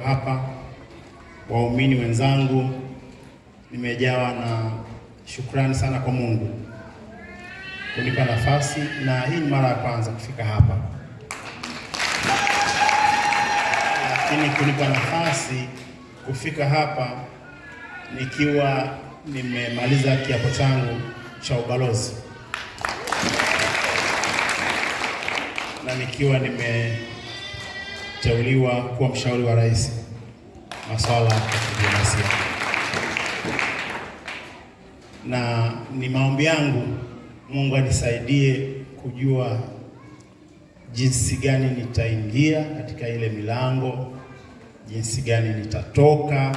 Hapa waumini wenzangu, nimejawa na shukrani sana kwa Mungu kunipa nafasi, na hii ni mara ya kwanza kufika hapa, lakini kunipa nafasi kufika hapa nikiwa nimemaliza kiapo changu cha ubalozi na nikiwa nime kuteuliwa kuwa mshauri wa rais masuala ya kidiplomasia, na ni maombi yangu Mungu anisaidie kujua jinsi gani nitaingia katika ile milango, jinsi gani nitatoka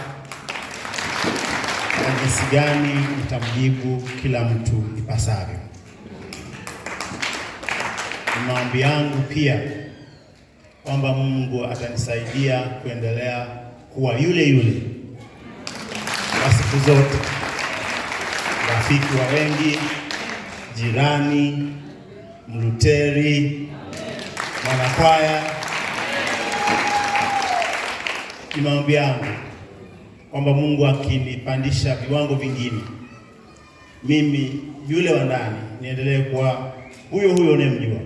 na jinsi gani nitamjibu kila mtu ipasavyo. Maombi yangu pia kwamba Mungu atanisaidia kuendelea kuwa yule yule kwa siku zote, rafiki wa wengi, jirani, mluteri, mwanakwaya. Ni maombi yangu kwamba Mungu akinipandisha viwango vingine, mimi yule wa ndani niendelee kuwa huyo huyo unayemjua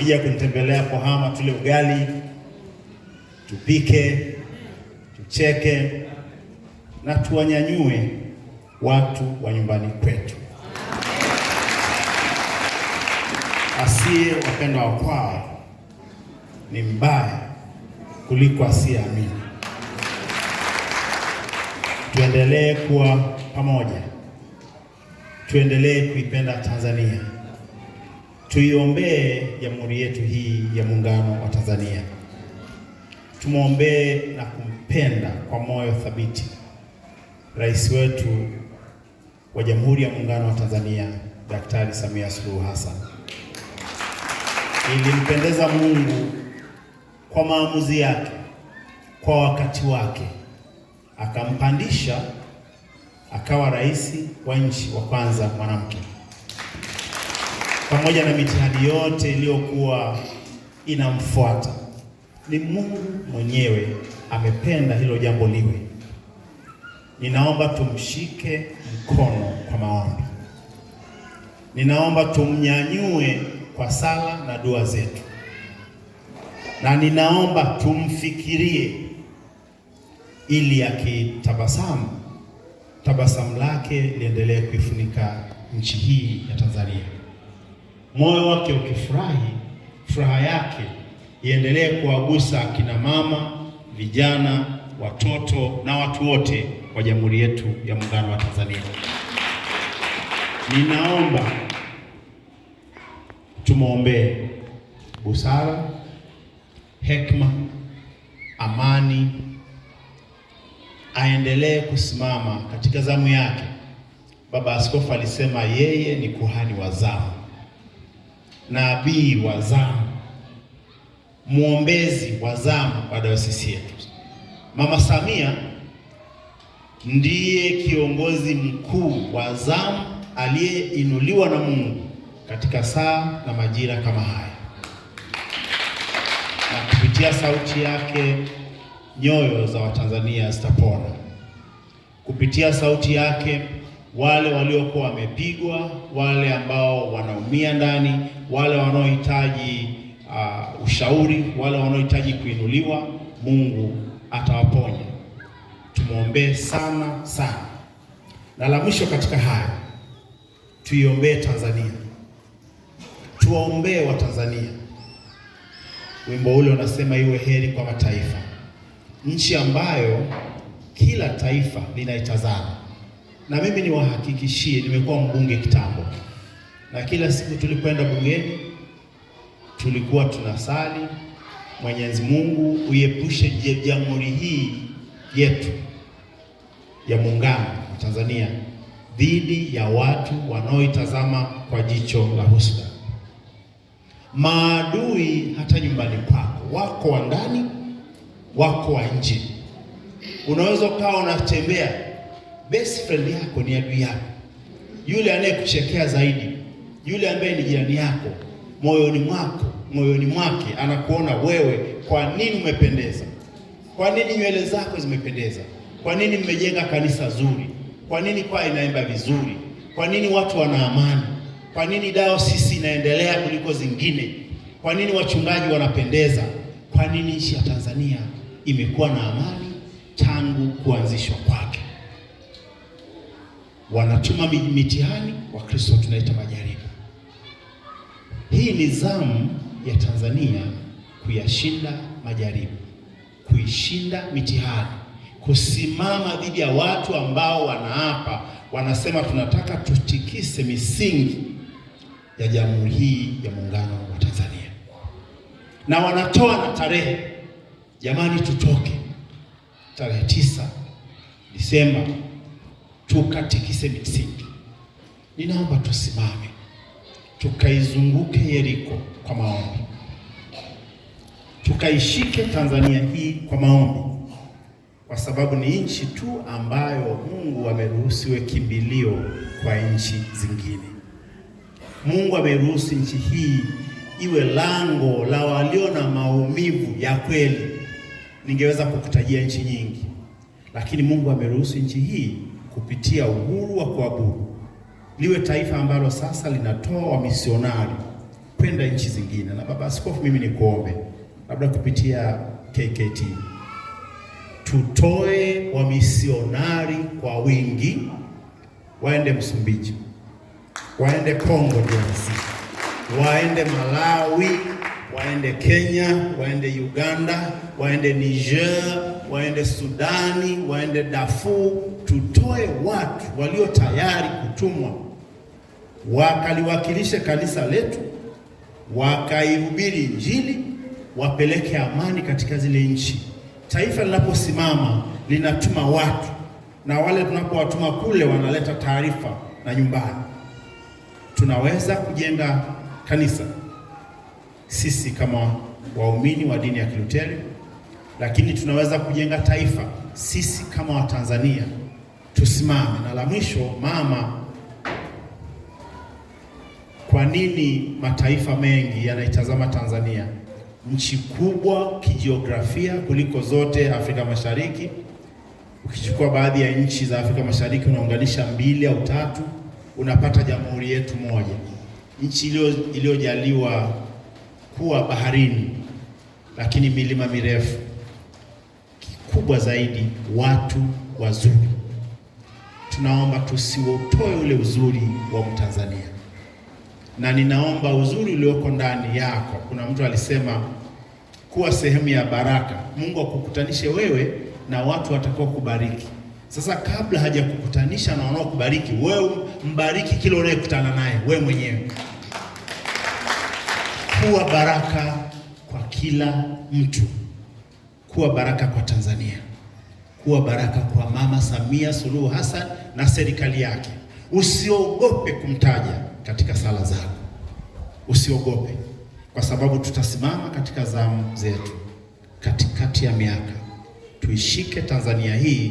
ukija kunitembelea Kahama, tule ugali, tupike, tucheke na tuwanyanyue watu wa nyumbani kwetu. Asiye wapenda wa kwao ni mbaya kuliko asiyeamini. Tuendelee kuwa pamoja, tuendelee kuipenda Tanzania tuiombee jamhuri yetu hii ya muungano wa Tanzania, tumwombee na kumpenda kwa moyo thabiti rais wetu wa Jamhuri ya Muungano wa Tanzania Daktari Samia Suluhu Hassan. Ilimpendeza Mungu kwa maamuzi yake kwa wakati wake akampandisha akawa rais wa nchi wa kwanza mwanamke pamoja na mitihani yote iliyokuwa inamfuata. Ni Mungu mwenyewe amependa hilo jambo liwe. Ninaomba tumshike mkono kwa maombi, ninaomba tumnyanyue kwa sala na dua zetu, na ninaomba tumfikirie ili akitabasamu, tabasamu lake liendelee kuifunika nchi hii ya Tanzania moyo wake ukifurahi, furaha yake iendelee kuwagusa akina mama, vijana, watoto na watu wote wa Jamhuri yetu ya Muungano wa Tanzania. Ninaomba tumwombee busara, hekima, amani, aendelee kusimama katika zamu yake. Baba Askofu alisema yeye ni kuhani wa zamu nabii wa zamu, mwombezi wa zamu wa dayosisi yetu. Mama Samia ndiye kiongozi mkuu wa zamu aliyeinuliwa na Mungu katika saa na majira kama haya, na kupitia sauti yake nyoyo za Watanzania zitapona. Kupitia sauti yake wale waliokuwa wamepigwa, wale ambao wanaumia ndani, wale wanaohitaji uh, ushauri, wale wanaohitaji kuinuliwa, Mungu atawaponya. Tumwombee sana sana. Na la mwisho katika haya, tuiombee Tanzania, tuwaombee Watanzania. Wimbo ule unasema iwe heri kwa mataifa, nchi ambayo kila taifa linaitazama na mimi niwahakikishie, nimekuwa mbunge kitambo, na kila siku tulikwenda bungeni tulikuwa tunasali, Mwenyezi Mungu uiepushe jamhuri hii yetu ya muungano wa Tanzania dhidi ya watu wanaoitazama kwa jicho la husda. Maadui hata nyumbani kwako wako wa ndani, wako wa nje. Unaweza ukawa unatembea best friend yako ni adui yako, yule anayekuchekea zaidi, yule ambaye ni jirani yako, moyoni mwako moyoni mwake anakuona wewe, kwa nini umependeza? Kwa nini nywele zako zimependeza? Kwa nini mmejenga kanisa zuri? Kwa nini kwaya inaimba vizuri? Kwa nini watu wana amani? Kwa nini dayosisi inaendelea kuliko zingine? Kwa nini wachungaji wanapendeza? Kwa nini nchi ya Tanzania imekuwa na amani tangu kuanzishwa kwa wanatuma mitihani, Wakristo tunaita majaribu. Hii ni zamu ya Tanzania kuyashinda majaribu, kuishinda mitihani, kusimama dhidi ya watu ambao wanaapa, wanasema tunataka tutikise misingi ya jamhuri hii ya muungano wa Tanzania, na wanatoa na tarehe. Jamani, tutoke tarehe tisa Disemba tukatikise misitu. Ninaomba tusimame tukaizunguke Yeriko kwa maombi, tukaishike Tanzania hii kwa maombi, kwa sababu ni nchi tu ambayo Mungu iwe kimbilio kwa nchi zingine. Mungu ameruhusu nchi hii iwe lango la walio na maumivu ya kweli. Ningeweza kukutajia nchi nyingi, lakini Mungu ameruhusu nchi hii kupitia uhuru wa kuabudu liwe taifa ambalo sasa linatoa wamisionari kwenda nchi zingine. Na baba askofu, mimi nikuombe labda kupitia KKT tutoe wamisionari kwa wingi, waende Msumbiji, waende Kongo DRC waende Malawi, waende Kenya, waende Uganda, waende Niger, waende Sudani, waende Darfur. Tutoe watu walio tayari kutumwa wakaliwakilishe kanisa letu, wakaihubiri Injili, wapeleke amani katika zile nchi. Taifa linaposimama linatuma watu, na wale tunapowatuma kule wanaleta taarifa na nyumbani, tunaweza kujenga kanisa sisi kama waumini wa dini ya Kiluteri, lakini tunaweza kujenga taifa sisi kama Watanzania. Tusimame. Na la mwisho, mama, kwa nini mataifa mengi yanaitazama Tanzania, nchi kubwa kijiografia kuliko zote Afrika Mashariki? Ukichukua baadhi ya nchi za Afrika Mashariki unaunganisha mbili au tatu, unapata jamhuri yetu moja nchi iliyojaliwa kuwa baharini, lakini milima mirefu, kikubwa zaidi watu wazuri. Tunaomba tusiutoe ule uzuri wa Mtanzania, na ninaomba uzuri ulioko ndani yako. Kuna mtu alisema kuwa sehemu ya baraka, Mungu akukutanishe wewe na watu watakao kubariki. Sasa kabla hajakukutanisha na wanaokubariki, wewe mbariki kila unayekutana naye wewe mwenyewe kuwa baraka kwa kila mtu, kuwa baraka kwa Tanzania, kuwa baraka kwa Mama Samia Suluhu Hassan na serikali yake. Usiogope kumtaja katika sala zako, usiogope kwa sababu tutasimama katika zamu zetu katikati ya miaka. Tuishike Tanzania hii.